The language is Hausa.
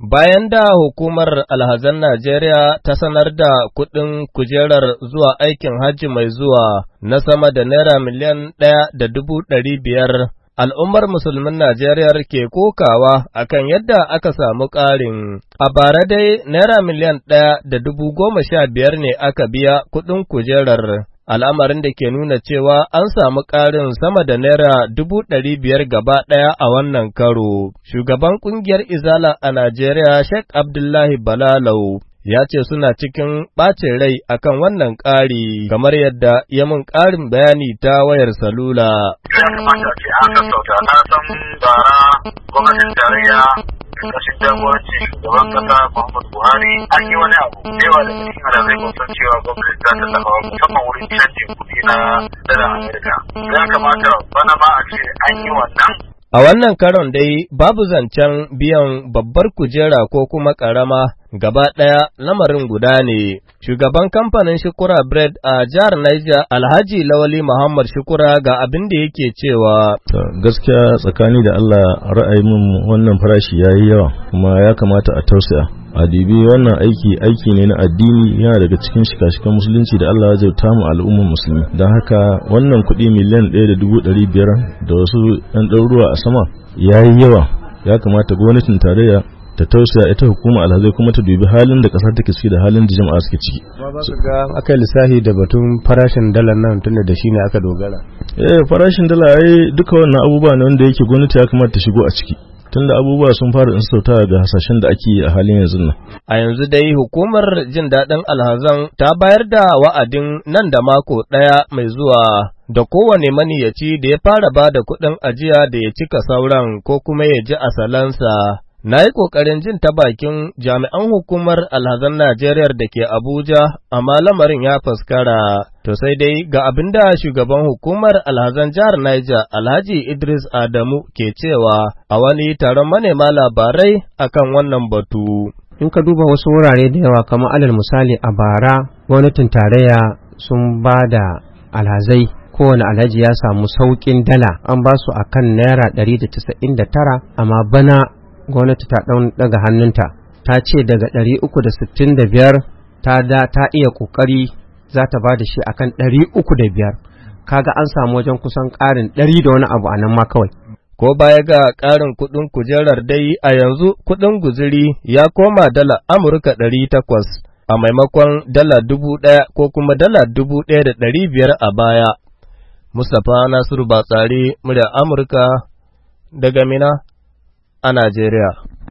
Bayan da hukumar alhazan Najeriya ta sanar da kuɗin kujerar zuwa aikin hajji mai zuwa na sama da Naira miliyan ɗaya da dubu ɗari biyar, al'ummar musulmin Najeriya ke kokawa akan yadda aka samu ƙarin. A bara dai Naira miliyan ɗaya da dubu goma sha biyar ne aka biya kuɗin kujerar. al'amarin da ke nuna cewa an samu ƙarin sama da naira dubu ɗari biyar gaba ɗaya a wannan karo. Shugaban ƙungiyar Izala a Najeriya Sheikh Abdullahi Balalau ya ce suna cikin ɓacin rai akan wannan ƙari kamar yadda ya mun ƙarin bayani ta wayar salula. ƙarshen jagorancin shugaban kasa Muhammadu Buhari an yi wani abu yawa da cikin alazai kusan cewa gwamnati za ta taɓa musamman wurin canjin kuɗi na dala Amurka. Ya kamata bana ma a ce an yi wannan A wannan karon dai babu zancen biyan babbar kujera ko kuma ƙarama gaba ɗaya lamarin guda ne. Shugaban kamfanin Shukura Bread a jihar Niger Alhaji Lawali Muhammad Shukura ga abin da yake cewa. Gaskiya tsakani da Allah ra'ayi ra'ayin wannan farashi ya yi yawa kuma ya kamata a tausaya. adibi wannan aiki aiki ne na addini yana daga cikin shika-shikan musulunci da Allah ya ta mu al'ummar musulmi don haka wannan kuɗi miliyan ɗaya da dubu ɗari biyar da wasu ɗan ɗaruruwa a sama ya yi yawa ya kamata gwamnatin tarayya ta tausaya ita hukuma alhazai kuma ta dubi halin da ƙasar take ciki da halin da jama'a suke ciki. Amma ba su ga aka lissafi da batun farashin dalar nan tunda da shi ne aka dogara. Eh farashin dala ai duka wannan abubuwa ne wanda yake gwamnati ya kamata ta shigo a ciki. tunda abubuwa sun fara sauta da hasashen da ake a halin yanzu nan. A yanzu dai hukumar jin daɗin alhazan ta bayar da wa'adin nan da mako ɗaya mai zuwa da kowane maniyaci da ya fara ba da kuɗin ajiya da ya cika sauran ko kuma ya ji asalansa Na yi ƙoƙarin jin ta bakin jami'an hukumar alhazan Najeriya da ke Abuja, amma lamarin ya faskara. To sai dai ga abin da shugaban hukumar alhazan jihar Niger Alhaji Idris Adamu ke cewa a wani taron manema labarai akan wannan batu. In ka duba wasu wurare da yawa kamar alal misali a bara gwamnatin tarayya sun ba da alhazai kowane alhaji ya samu sauƙin dala an ba su a kan da tara, amma bana gwamnati ta daga hannunta ta ce daga 365 ta da biyar ta iya kokari za ta ba da shi akan ka ga an samu wajen kusan ƙarin 100 da wani abu a nan ma kawai ko baya ga ƙarin kuɗin kujerar dai a yanzu kuɗin guziri ya koma dala Amurka ɗari takwas a maimakon dala dubu ɗaya ko kuma dala dubu ɗaya da ɗari biyar a baya. Mustapha Nasiru Batsari, murya Amurka daga Mina a Najeriya.